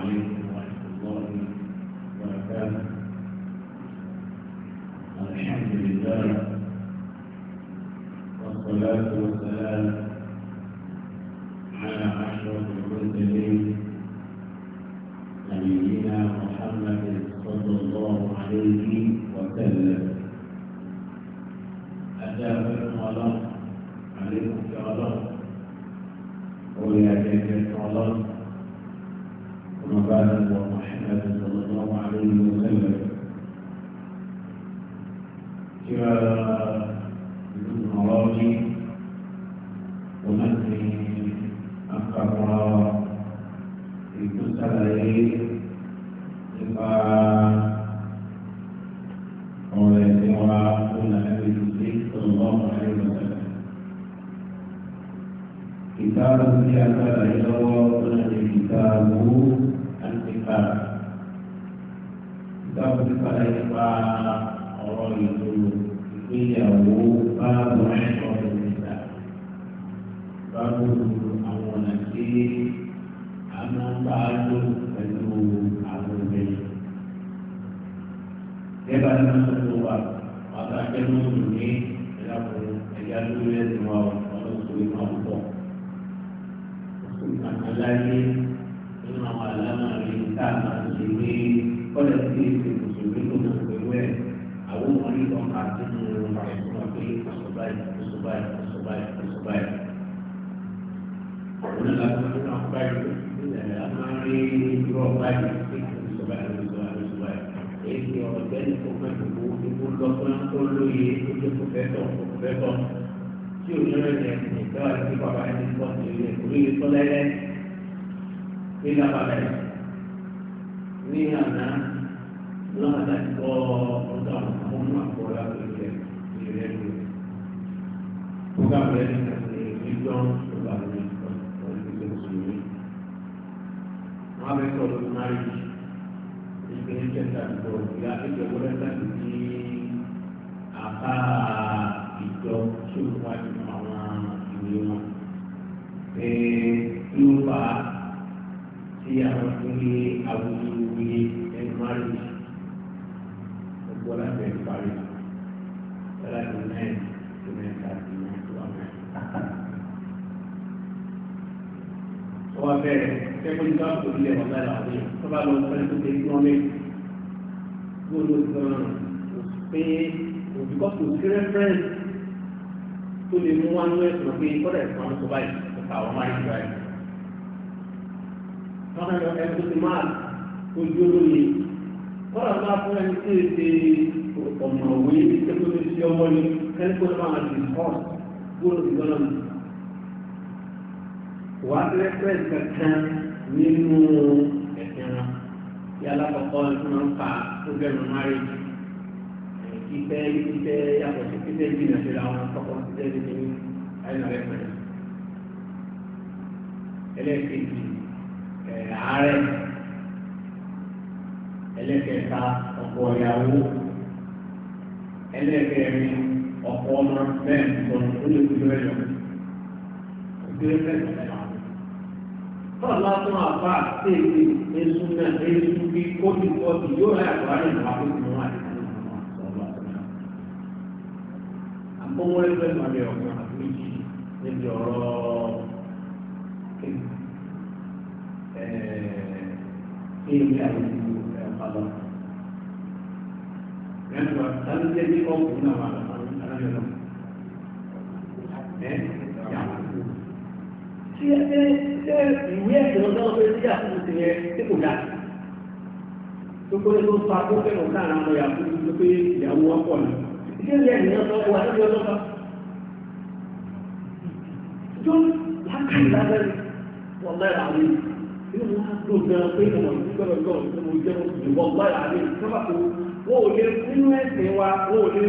عليكم ورحمة الله وبركاته الحمد لله والصلاة والسلام على أشرف المرسلين نبينا محمد صلى الله عليه وسلم أتاكم الله Kita harus diantara itu Kita harus diantara itu kọ́lẹ̀ sí èsì mùsùlùmí ló mọ̀ pẹ̀lú ẹ̀ àwọn ọmọ yìí wọn kà sí ní ọ̀rọ̀ rẹ̀ fún wa pé àṣọba yìí àṣọba yìí àṣọba yìí àṣọba yìí. àwọn ọ̀nà láti fún àwọn báyìí nílẹ̀ a máa rí irọ́ báyìí sí àṣọba yìí àṣọba yìí àṣọba yìí. èyí ti ọ̀rọ̀ bẹ́ẹ̀ni kò fẹ́ gbogbo gbogbo lọ́gbọ́n tó lóye ó jẹ́ kò fẹ́ tọ̀ kò fẹ́ tọ̀ tí ò ní rẹ̀ ní ìgbà wà ní àná lọ́nà ìkọ́ ọ̀dọ́ àwọn ọmọ àkọ́lá pẹ̀lú ìrẹ́lú. Fúgà bẹ́ẹ̀ ni àti ìjọ ìgbà mi ọ̀dọ́ ìgbà mi. Wọ́n á bẹ sọ̀rọ̀ márìjì ìgbẹ́ ìjẹta ìjọ ìyá ìjọ wọlé láti ní àbá ìjọ tí ó wájú àwọn ìwé wọn. Ee, kí ló fà á? tí àwọn tó ní àwùjọ ní ẹnumárì ọgbọ́n abẹ́ parí lọ́la ní náírà tó mẹ́ta sí ní tó wà mẹ́ta. ọwọ́ abẹ́rẹ́ sẹ́kọ̀ọ́ ní káwọn tó lé ọ̀gá làwọn yẹn tó bá lọ sọ́ni tó dé fún mi gbọ́dọ̀ gan-an kò pé òbí kọ́ kò sí tó lè mú wá ní ẹ̀sùn pé kọ́dà ẹ̀sùn báyìí kọ́ta àwọn máa ń wọn lọ ẹni tó ti máa ojú olóye wọn lọ máa fún ẹni tí èdè ọmọ òwe ẹgbẹ́ tó ti ọmọ ni ẹni tó máa di hàn gbọ́dọ̀ ti gbọ́dọ̀ mi. wàá tẹ́lẹ̀ pẹ́ẹ́sì kankan nínú ẹ̀sìn wọn yálà kọ̀kọ́ ẹni tó máa ń ìfẹ́ ìfẹ́ yàtọ̀ sí ìgbìnà sí ra wọn kọ́kọ́ sí fífẹ́ ìgbìnà ayélujára ẹ̀fẹ̀. ẹlẹ́ẹ̀kejì ààrẹ ẹlẹ́kẹta ọkọ ìyàwó ẹlẹ́kẹrin ọkọ ọmọ bẹ́ẹ̀ nìkan ó lè fi lọ́wọ́ ẹ̀yọ́ òkèèrè fẹ́ẹ̀ tẹ̀lé àwọn. tọ́lá látún àbá àtẹ̀lé esu náà esu bí kóòtù kóòtù yóò rẹ̀ àgbà rẹ̀ nípa tó ti mú àdéhùn àwọn ọ̀sán ọ̀sán. àbọ̀wọ́ ẹgbẹ́ ìmọ̀lẹ́ ọ̀gbọ́n àti méjì níbi ọ̀rọ̀ kéèké kéèmí àyíkú ẹ̀fọ́lọ́. Yẹ́nìwá sáré jẹ́ ní ọ̀pọ̀ náà wà lọ́wọ́ lọ́wọ́. Ṣé ṣé ṣé ìwé ẹ̀sìn ọ̀dọ́ ọ̀fẹ́ sí àtúntò yẹn tí kò dá? Gbogbo ẹgbẹ́ sọ akókè lọ káàrà ọmọ yàtọ̀ tó pé ìyàwó ọkọ̀ ni. Ṣé ìwé ẹ̀sìn ọ̀dọ́ ọ̀wà lórí ọlọ́pàá? Jọ́n lákàtà lẹ́rìí wọ́n mẹ́ra àwọn ènìyàn. inú mi á dùn gan pé ìmọ̀ ìdúgbẹ́rẹ̀ lọ́wọ́ tí mo jẹ́ mùsùlùmí wọ́n láyà á lè sábà tó wọ́n ò lè nínú ẹ̀sìn wa wọ́n ò lè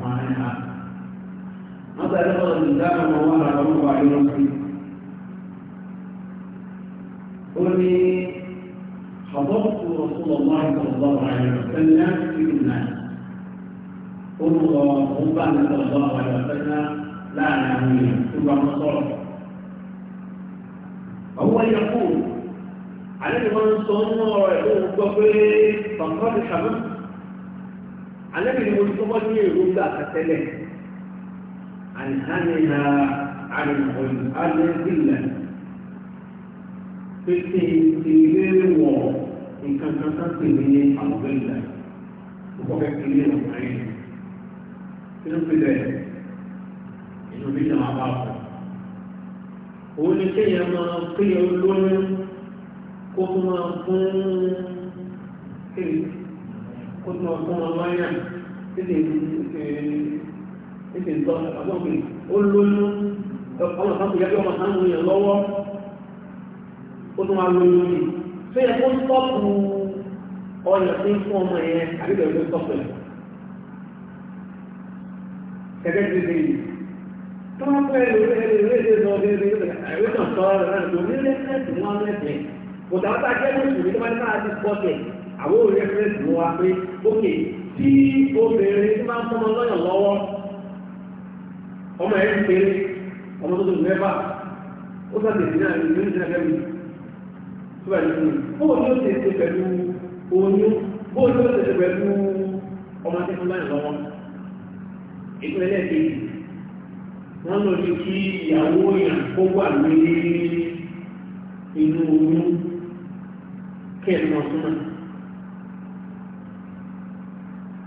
صانعها متى يقضى الإنسان الله ربه عن نفسه قلني حضرت رسول الله صلى الله عليه وسلم في الناس قلت ربما صلى الله عليه وسلم لا نعمل ربما صرف هو يقول عليه من صنع ويقول فقد حمدت علمني المصطفى ان يرد اتكلم عن همنا عن الغل عن الذله في التهديد الواضح ان كان تصدق مني عن الذله وقد كلمه معين في البداية إنه بيجي مع بعضه وإن كي ما قيل الظلم كما قوم كيف kó tún ọgbọ́n wọn wáyà títí títí tọ́ ọgbọ́n mi ó lóyún ọmọ kan kò yẹ kí ọmọ kan lóyún yẹn lọ́wọ́ ó tún wá lóyún yìí tó yẹ kó tọ́pù ọyàn tí ń fún ọmọ yẹn àbíkẹ́ ló tọ́pù ẹ̀ kẹ́kẹ́ ti dé yìí tó wá pẹ́ lórí ẹ̀rọ ìwé ìdè lọ bí ẹ̀rọ ìwé ìwé náà sọ ọ́ rẹ̀ náà lórí ẹ̀rọ ìwé ìwé náà lẹ́sẹ̀ kò dáwọ́ tá a jẹ́ lóṣù àwọn olùrẹ́fẹ́rẹ́sì mú wa pé ókè tí obìnrin tí máa ń fọmọ lọ́yàn lọ́wọ́ ọmọ ẹ̀ ń ọmọ tó tó mẹ́fà ó sáté ní ó ti wọ́n lọ sí kí ìyàwó kó wà ní inú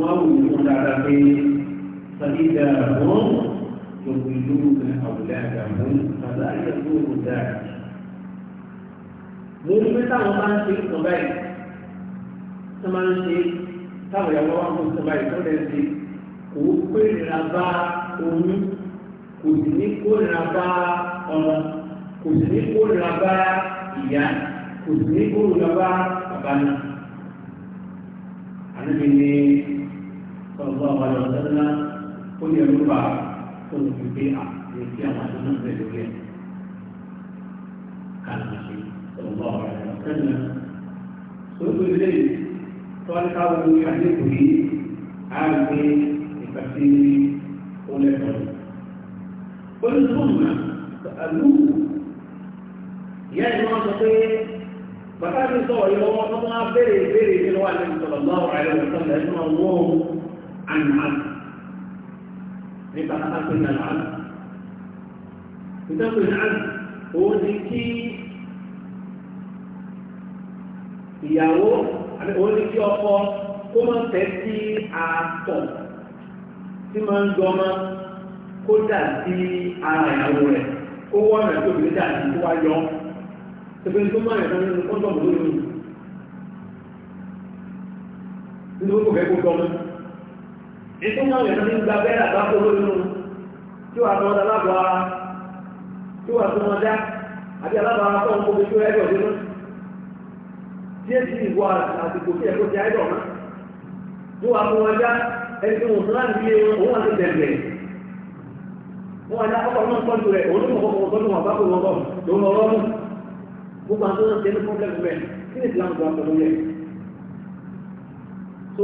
wọ́n wù ú dára pé sàdídà wọ́n yòókù ìlú ní àwùlẹ̀ àgbàmú bàbá ìyẹ̀kú òkúta. mo ní pé táwọn bá ń ṣe ìtàn báyìí tó máa ń ṣe táwọn ìyàwó wa kó ìtàn báyìí tó lẹ́ẹ̀ صلى الله عليه وسلم كل يربع كل في البيئة في عشان زي الولاد كان النبي صلى الله عليه وسلم سوق الليل قال تعالوا يحدثه عام ايه يفكرني ولا قل ثم سألوه يا جماعة الخير فكان يصور يوم وقتنا بيري بيري من والد صلى الله عليه وسلم اسمه الله عن عبد nípa akpẹ̀lẹ̀ àlàáfù. Ìtọ́pẹ̀ àlù òun ni kí ìyàwó òun ni kí ọkọ kó máa tẹ̀ sí àtọ̀ tí máa ń jọmọ kó dà sí ara ìyàwó rẹ̀ kó wọ́n rẹ̀ tó lè dà sí kó wá yọ. Ṣèpè tó máa yẹ̀ lọ́nà kọ́ńtọ̀mù lónìí. Nítorí kò fẹ́ kó jọmọ. ètò náà ndị ní gba bẹ́ẹ̀ àgbákò lóyún tí wàá tọ́ aláàbò ara tí wàá tó wọn dá àbí aláàbò ara tó ń kó ojú ẹ̀rọ dé mọ́ díẹ̀ ìwọ àsìkò tí ẹ̀kọ́ ti mọ́ tí tó wọn dá ẹni tó wọn tó láti fi òun akọ́kọ́ náà rẹ̀ òun wọn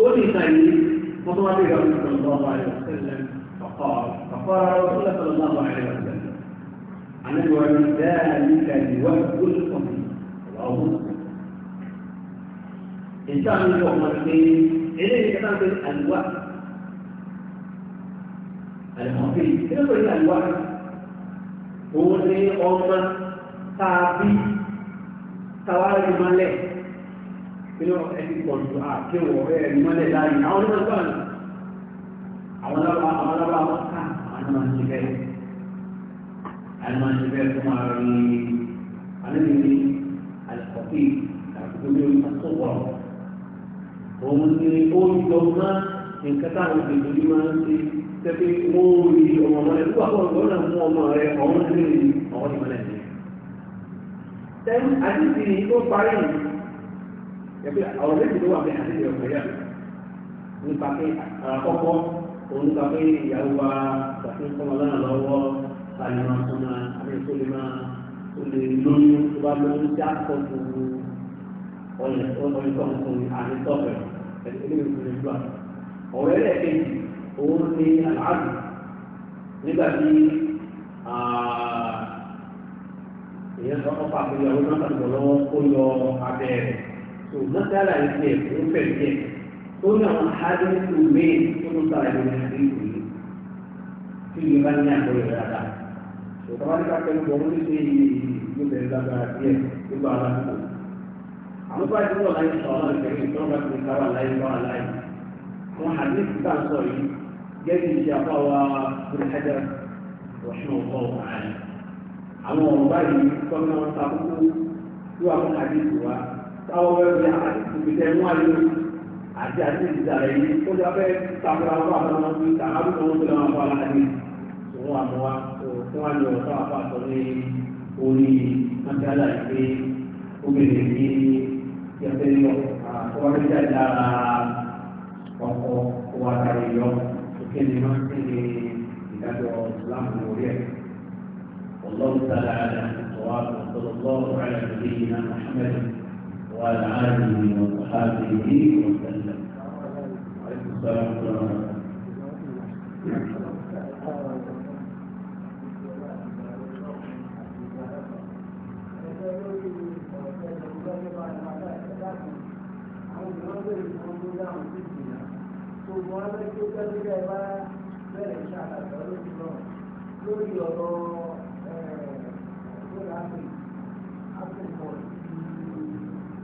wọn bọ̀ فطلب النبي صلى الله عليه وسلم فقال فقال رسول الله صلى الله عليه وسلم عن الوالد ذلك الوقت القصير الله إن شاء الله يوم الاثنين إليه كتاب الوقت المقيم كيف يقول الوقت هو أمة تعبي توالي ملك inú ẹni pọ̀jù àkéwọ̀ ẹ̀ mọ́lẹ̀ láàyè àwọn onímọ̀ nígbà ní àwọn lábá àwọn lábá wọn ká àwọn máa ń ṣe bẹ́ẹ̀ àwọn máa ń ṣe bẹ́ẹ̀ fún ara rí alẹ́ ní ni ó yọ mọ́ nǹkan táwọn òṣèlú yìí máa ń ṣe tẹ́tí wọ́n rí ọmọ mọ́lẹ̀ nígbà tó ọ̀dọ́ náà mú ọmọ rẹ ọ̀hún ní ọ̀hún ìmọ̀lẹ̀ ní. tẹ́lú àdìsí yìí tó parí yẹbi àwọn méjì ló wà ní àdéhùn ọ̀gbẹ́ yà nípa pé àkọ́kọ́ òun nípa pé ìyàwó wa gbàtí kọ́mọ lọ́nà lọ́wọ́ àyàmà tó máa àbí tó lè máa tó lè lóyún tó bá lóyún sí àkọ́kọ́ ọ̀yẹ̀ tó lọ́yún tó ń fún mi àti tọ́pẹ̀ ẹ̀sìn ní ìfún mi gbà. ọ̀rẹ́ rẹ̀ kejì òun ní àlàáfù nígbà tí ìyẹn sọ́kọ́ pàṣẹ ìyàwó náà tàbí lọ́wọ́ kó yọ abẹ́ rẹ̀ tó mọ́tàlá yìí tiẹ̀ tó ń fẹ̀ tiẹ̀ tó ní àwọn hádìsù míì tó ń sọ̀rọ̀ ẹ̀mí ní àdéhùn yìí tí ìlú bá ní àgbọ̀yọ̀ rárá. Ìjọba ní káfíń bọ̀ wọ́n ti ṣe ìlú bẹ̀rẹ̀ lágbára díẹ̀ nígbà aláàbò. Àwọn bá ti wọ̀ láyé sọ̀rọ̀ ìfẹ̀yìn tó ń bá ti sáwà láyé wá láyé. Àwọn hádìsù tá a sọ yìí gẹ́gẹ́ bí apá wa Bùrẹ́dà Rọ̀ṣùn ọ̀pọ̀ ọ̀hán. Àwọn ọ̀rọ̀ báyìí tọ́ná takókó tí wàá fún hádìsù wa káwọn bẹ́ẹ̀ bí ìgbésẹ̀ mú àyè àti àti ìdàrẹ yìí ó jẹ abẹ takura wọn àti àwọn ọmọdé tàbí àwọn ọmọdé náà wà láàyè òun àmọ́ wa òun àmì ọ̀tá àpá àtọ ní orí nàbíàlà ìpè obìnrin ní ìyàtọ̀ yọ àkọọ́rẹ́ jáde lára wa tàbí yọ òkè وعلى آله وصحابه وسلم عليكم السلام ورحمة الله وبركاته lórí ọ̀rọ̀ ẹ̀ẹ́dọ́gbọ̀n áfíríkà áfíríkà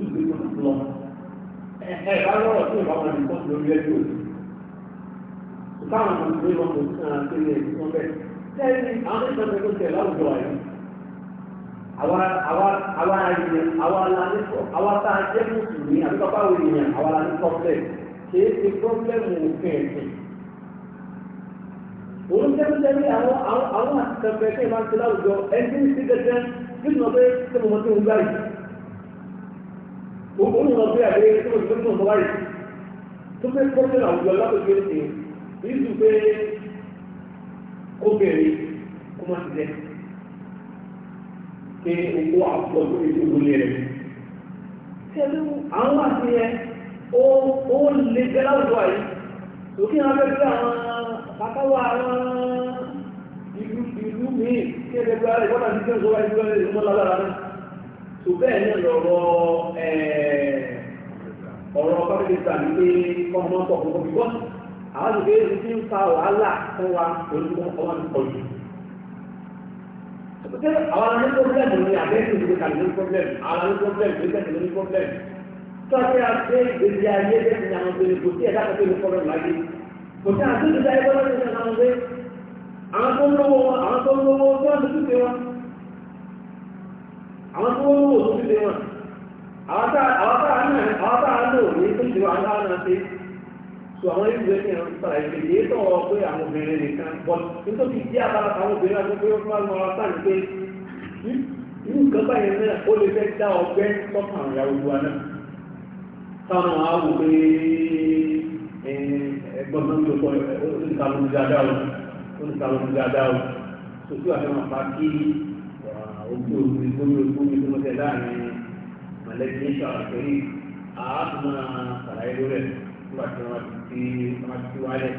tí ìlú yóò fún lọ. Ẹ bá lọ́rọ̀ tí ìbámu ẹni tó lórí ẹjọ́ òní. Ìbáwọn ọmọ ìlú yóò fún un àti ilé ìtọ́ bẹ́ẹ̀. Sẹ́yìn àwọn ìtọ́jú tó tẹ̀ láwùjọ àyè. Àwa ayẹyẹ, àwa alánìkọ̀, àwa tá a jẹ́ mùsùlùmí àti bàbá wo ènìyàn, àwa alánìkọ̀ bẹ́ẹ̀. Kìí ṣe pọ́blẹ́mù òfin ẹ̀sìn. Òun tẹ́lifíṣẹ́lí àwọn àwọn àti kẹfẹ́ láwùjọ ẹni tí ń ti gẹ́gẹ́ tí mo mọ tí mo gbá òun ní ọdún ẹ̀rẹ́ tó ń gbé tó ń wáyé tó fẹ́ kọ́kẹ́ àwùjọ lábẹ́gbẹ́ ti ìlú pé kó bèrè kó má ti jẹ pé owó àpò tó lè tó wọlé rẹ̀. Tẹ́lú àwọn àti yẹn ó ó lè jẹ́ láwùjọ àyè òkè àwọn abẹ́gbẹ́ àwọn pàtàwọ̀ àwọn ìlú ìlú míì kí ẹgbẹ́gbẹ́ àwọn ìwọ́n àti ìjọba ìjọba ìjọba lágbára náà tó bẹ́ẹ̀ náà lọ́rọ̀ ọ̀rọ̀ pàtẹ́kẹ́sà ní pé kọ́mọ pọ̀ fún kọ́bí wọ́n àwọn ìgbé ẹni tí ń fa wàhálà fún wa olùkọ́ ọmọ mi pọ̀ yìí. Ṣé àwọn ará pọ́blẹ́mù ni àbẹ́sì ìdílé kàlí ní pọ́blẹ́mù àwọn ní pọ́blẹ́mù ní pẹ́sì ní pọ́blẹ́mù. Tọ́jú àti ìgbésí ayé bẹ́ẹ̀ ni àwọn obìnrin kò sí ẹ̀dá kan tó ní pọ́blẹ́mù láyé. Kò sí àti ìgbésí ayé bọ́lá àwọn tó wọ́n wò tó wọn àwọn táà lò ní tó ṣe wà láwọn náà ṣe so àwọn yóò gbé ní àwọn ìpàdé ìpè yìí tó wọ́n pé àwọn obìnrin nìkan but nítorí jẹ́ abala àwọn ojú omi omi omi tó ń tẹ láàrin mọ̀lẹ́bí ní sàràkẹ́rì àátùmọ̀ sàlàyé lórí ẹ̀ nígbà tí wọ́n ti wọ́n ti wálẹ̀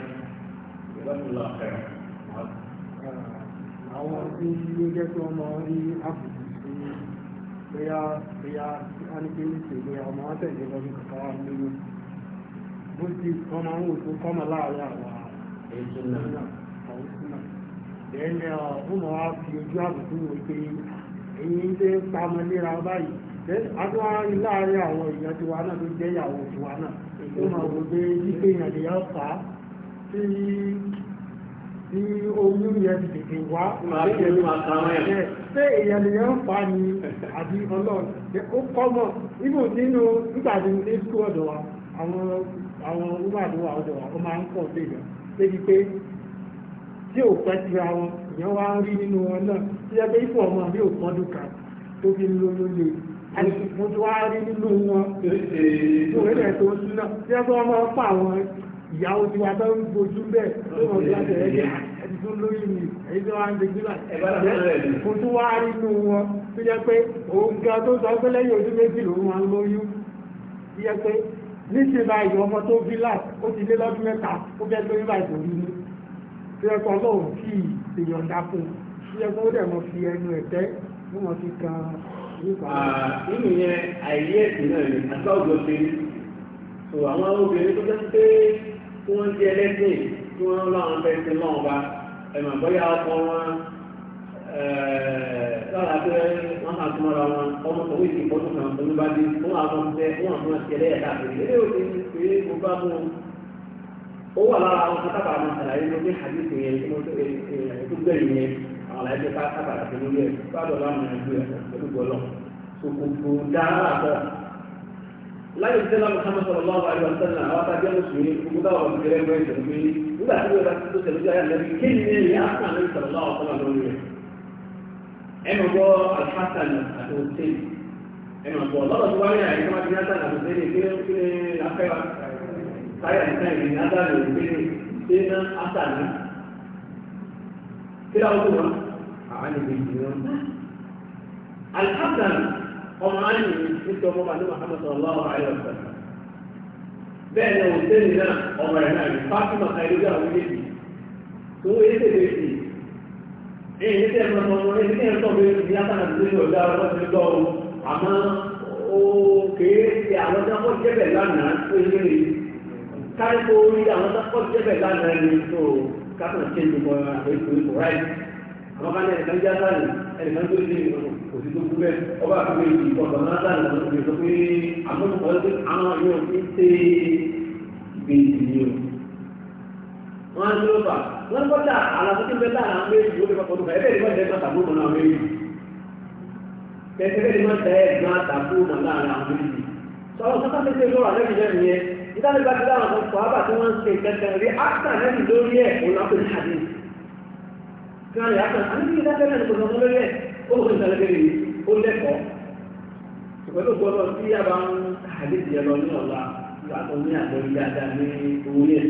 ìjọba tó lọ kẹrọ. àwọn tí ó jẹ́ kí wọ́n máa rí àbùkù sí bóyá bóyá ánìkè ń ṣe bóyá ọmọ wọn tẹ̀lé lọ́dún kọ̀ọ̀kan wà nínú bó ti wọ́n máa ń wò tó kọ́mọ láàárín àwọn ètò náà àwọn sínú. ẹ̀ẹ́nì ọ̀hún máa fi ojú àbùkù wò pé èyí ń gbé pamọ́ léra báyìí àdúrà láàárín àwọn èèyàn tiwa náà tó jẹ́ ìyàwó tiwa náà tó máa wò pé jípé èèyàn yá fà á tí oyún yẹn ti tètè wá ṣé èèyàn yá fà á ni àbí ọlọ́run ó kọ́ mọ̀ nígbà tí ní ọ̀dọ̀ wa àwọn ọ̀dọ̀ wa ó máa ń pọ̀ sí ìyàn débi pé tí ò pẹ́ wọn èèyàn wá ń rí nínú wọn náà tí ẹ pé ọmọ mi ò pọ́dún kan tó fi ń lo lóye mo ti wá rí nínú wọn ìrẹ́lẹ̀ tó ń súná tí ẹ pé ọmọ pa àwọn ìyàwó tiwa tó ń gbojú bẹ́ẹ̀ tó wọ́n ti wá tẹ̀lé jẹ́ ẹni tó mi èyí tó wá ń dejú là mo ti wá rí nínú wọn tó jẹ́ pé òun gan tó sọ pé lẹ́yìn ojú méjì lòun máa lóyún tó jẹ́ pé níṣẹ́ báyìí ọmọ tó fi láì ó ti lé lọ́dún mẹ́ta ó fẹ́ lóyún báyìí kò rí ní tó yẹ kọ́ ọlọ́run kì í ìyọ̀ǹda fún ṣíṣe kó dẹ̀ fi ẹnu ẹ̀tẹ́ ló mọ fi kan ah, nínú yẹn àìrí ẹ̀sìn náà ni àtọ́jọ ṣe ní àwọn obìnrin tó jẹ́ pé tí wọ́n jẹ́ ẹlẹ́sìn tí wọ́n láwọn fẹ́ ṣe náà bá ẹ̀mọ̀ bóyá ọkọ wọn eh, lọ́la pé wọ́n máa tún mọ́ra wọn ọmọ tó wíìsì ìfọ́tún kan olúbádé wọ́n àwọn ọmọ tẹ wọ́n àwọn ọmọ tẹ̀lé ẹ̀dá ó wà lára àwọn sábà máa ṣàlàyé ló ní àdìsí yẹn tí mo tó eh, eh, tó yẹn àwọn àlàyé bá sábà láti lórí ẹ̀ gbọ́dọ̀ láwọn ẹgbẹ́ ẹ̀ pẹ̀lú gbọ́lọ̀ kòkòkò dára bọ̀. láyé ìṣẹ́lá muhammed sọ̀rọ̀ lọ́wọ́ àríwá sẹ́lẹ̀ àwọn abájá mùsùlùmí gbogbo táwọn ọ̀rọ̀ ìgbẹ́rẹ́ gbọ́ ìṣẹ̀lẹ̀ pé nígbà tí wọ́n bá tó ṣẹlẹ̀ jẹ́ àyàlẹ́ kí ni ní hassan káyà ní káyà ní adáàlú ìgbéni ṣé ná ásà ní. kí láwọn tó wọn àwọn ènìyàn ti wọn. alhassan ọmọ ayé nítorí ọmọ bàbá muhammed sallallahu alayhi wa sallam. bẹ́ẹ̀ ni òṣèlú náà ọmọ ẹ̀ náà ní fatima ayélujára àwọn méjì tó yé tètè sí i èyí tẹ́ ẹ̀mọ́ ọmọ ọmọ ẹni tẹ́ ẹ̀tọ́ bí i látàrà tí ó dá ọmọ ti lọ àmọ́ ó kéé ti àwọn ọjọ́ jẹ́bẹ̀ lánàá tó ilé rẹ̀ kárí kó rí àwọn sọ́kọ́ jẹ́bẹ̀ lánàá ni tó kápẹ̀ ṣe ní mọ́ ètò ìkò ráì àwọn kan ẹnìkan já sáàlì ẹnìkan tó ṣe òsì tó kú bẹ́ẹ̀ ọba àkókò ìdí ọ̀dọ̀ náà sáàlì wọn kò sọ pé àkókò ọdún àwọn yóò fi ṣe gbèsè ni o. wọ́n á ń lọ bà wọ́n kọjá àlàfo tí bẹ́ẹ̀ láàrín àwọn ẹgbẹ́ ìdíwọ̀n ìdánilẹ́gbà ti dáhùn àwọn sọ̀hábà tí wọ́n ń ṣe ìtẹ́tẹ́ rí áṣà lẹ́yìn lórí ẹ̀ òun lápẹ́ ní àdé kíláàrí áṣà àníbi ìdájọ́ lẹ́yìn kò sọ́kún lórí ẹ̀ ó lóun ìtàn lẹ́gbẹ̀rẹ̀ yìí ó lẹ́kọ̀ọ́ ṣùgbọ́n tó gbọ́dọ̀ sí yàrá ń kàlẹ́ ìdíyẹ lọ ní ọ̀la ìgbàgbọ́ ní àgbẹ̀rí dáadáa ní òun yẹn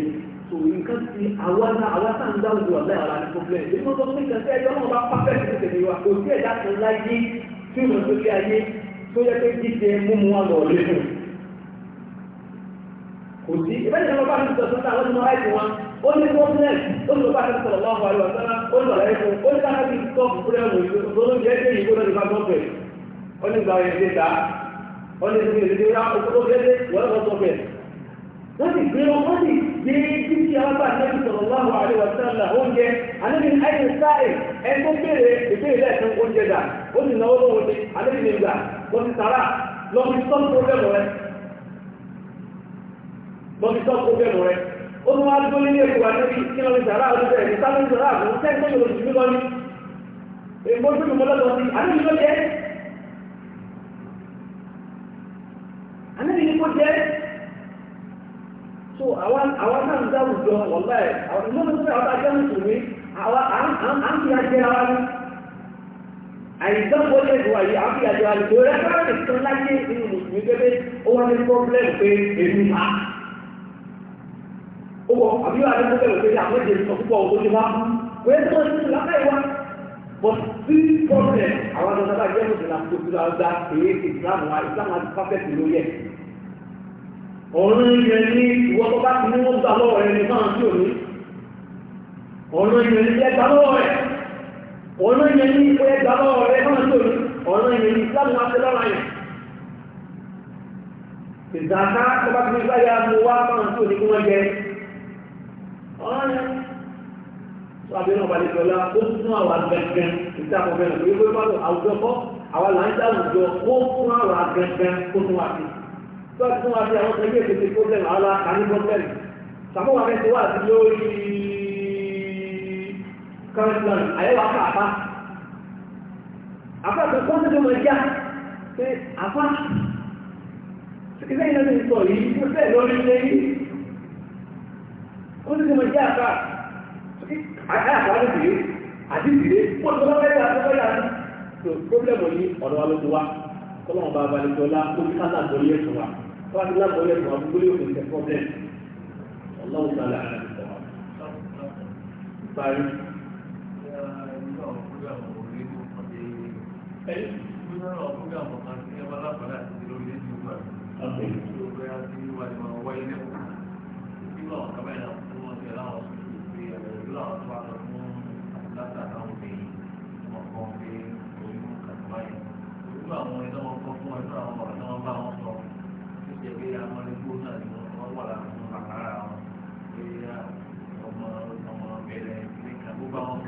so nǹkan ti awasa awasa ń dáwùjọ ọ̀la ìwà ní problem èyí tó sọ fún ìtẹ̀sẹ̀ ẹjọ́ náà bá pápẹ́ẹ̀tì ní tèmi kò sí ìbẹ́ni ìjọba bá ti wọ́n ti mọ láìpẹ́ wọn ó ní gọ́ọ̀mẹ̀ntì ó ní bá ti sọ̀rọ̀ àríwá sára ó ní bàlá ẹ̀kọ́ ó ní bá ti sọ fúnra ẹ̀wọ̀n ìgbóná jẹ́ ẹgbẹ́ ó ní ìgbà yẹn mọ́bí sọ́ kó bẹ̀rù rẹ̀ ó tún wá dúró nílé ìwà níbi kí lọ́ọ́ ìjàrá àdúgbò ẹ̀ ní sáré ìjàrá àdúgbò tẹ́ńtẹ́ yóò ti fi lọ́ní èèmọ́ tó ti mọ́lọ́dọ̀ sí àníbi ló jẹ́ àníbi ni kò jẹ́ so àwọn náà ń dáwùjọ ọ̀la ẹ̀ àwọn ìmọ̀lẹ́ tó fẹ́ ọ̀tá jẹ́ mùsùlùmí àwọn à ń fi ajé ara ní àìdánwò lè wà yìí à ń fi ajé ara ní torí ẹgbẹ́ rẹ̀ tó láyé inú mùsùlùmí gẹ́gẹ́ ó wá ní pọ́blẹ́mù pé èmi máa ó wọ àbíwá adé tó bẹ̀rẹ̀ àwọn èdè sọ púpọ̀ ó wá wọ́n tó ń sùn lápá ìwá but sí pọ́ọ̀lẹ̀ àwọn ọ̀dọ́ sábà jẹ́ mùsùlùmí àti òkúta ọgbà èyí ìsìlámù wa ìsìlámù àti pápẹ́tì ló yẹ ọ̀run yẹn ní ìwọ tó bá ti ní wọ́n gbà lọ́wọ́ rẹ ní máa tí ò ọ̀run yẹn ní ẹgbà lọ́wọ́ rẹ ọ̀run tó bá ti ní báyà mú wá máa tí ní kí wọ́n jẹ ọ̀rẹ́ tó abẹ́rẹ́ ọba nìkọlá ó tún àwọn agẹgẹ ìta àkọ́kẹ́ náà pé wọ́n bá lọ àwùjọ kọ́ àwọn làǹtà àwùjọ ó tún àwọn agẹgẹ ó tún wà sí tó àti tún wà sí àwọn ẹgbẹ́ ìpèsè pọ́blẹ́mù àwọn àkàní pọ́blẹ́mù sàmúwà mẹ́tò wà sí lórí kárẹ́tìlánì àyẹ̀wò àpá àpá ó ní kí mo jẹ́ àká àká àká ló dìde àti dìde wọ́n tó bá fẹ́ yà tó fẹ́ yà ní. tó pírọ́blẹ́mù ní ọ̀dọ̀ wa ló ti wá kọ́lọ́mù bá balẹ̀ tó la ó ti ká lágbóyè ẹ̀sùn wa tó bá ti lágbóyè ẹ̀sùn wa gbólé òkè tẹ ọlọ́run bá lápàdà àti lórí ẹ̀jẹ̀ ògbà.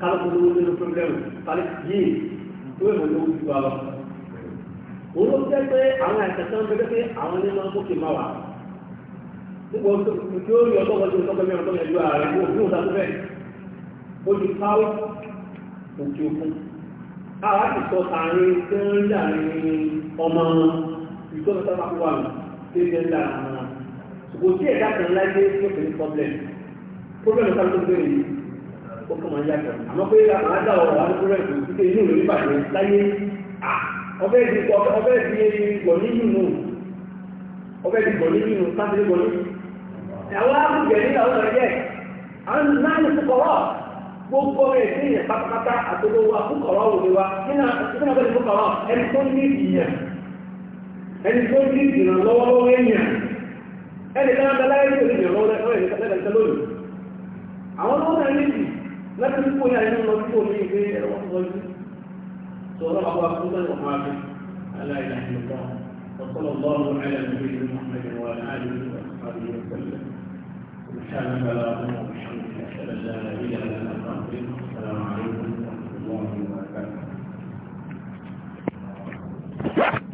kálukú ló nínú pírọ́blẹ́mù kálukú yìí tó èèmọ̀ ló ń gbà lọ. òun ló jẹ́ pé àwọn àìsàn tó ń bẹ́ẹ̀ pé àwọn ní máa ń gòkè máa wà. nígbà tí ó rí ọjọ́ wọn tó tọ́gbẹ́ mẹ́rin tó yẹ ju ààrẹ kó bí òun sáfẹ́ ojú káwé òkè òkun. káwá ti sọ tààrin tí ń rí àárín ọmọ ìtọ́jú sábà kó wà lọ tí ń rí àárín ọmọ. kò sí ẹ̀dá kan láyé tí ó fi ní pọ́blẹ̀mù pọ́blẹ̀mù ó kàn máa yàtọ̀ àmọ́ pé àládà ọ̀rọ̀ àdúgbòrẹ̀ kò sí pé inú rẹ̀ níbàjẹ́ láyé ọbẹ̀ di ọbẹ̀ di gbọ̀ nínú nù ọbẹ̀ di gbọ̀ nínú nù sáfẹ́ gbọ̀ nínú. àwọn àbújẹ nígbà ó lọ àwọn náà ní fúkọrọ gbogbo ọmọ yẹn pátápátá àtolówó afúkọrọ òde wa nínú ìpínlẹ̀ ọbẹ̀ ní fúkọrọ ẹni tó ní ìyẹn lẹ́nu tí يعني yá inú lọ sí òní ìwé ẹ̀rọ ọ̀sọ́jú sọ̀rọ̀ àwọn akúndà ìwọ̀n àbí وصلى الله على نبينا محمد وعلى اله وصحبه وسلم سبحانك اللهم وبحمدك اشهد ان لا اله الا انت السلام عليكم ورحمه الله وبركاته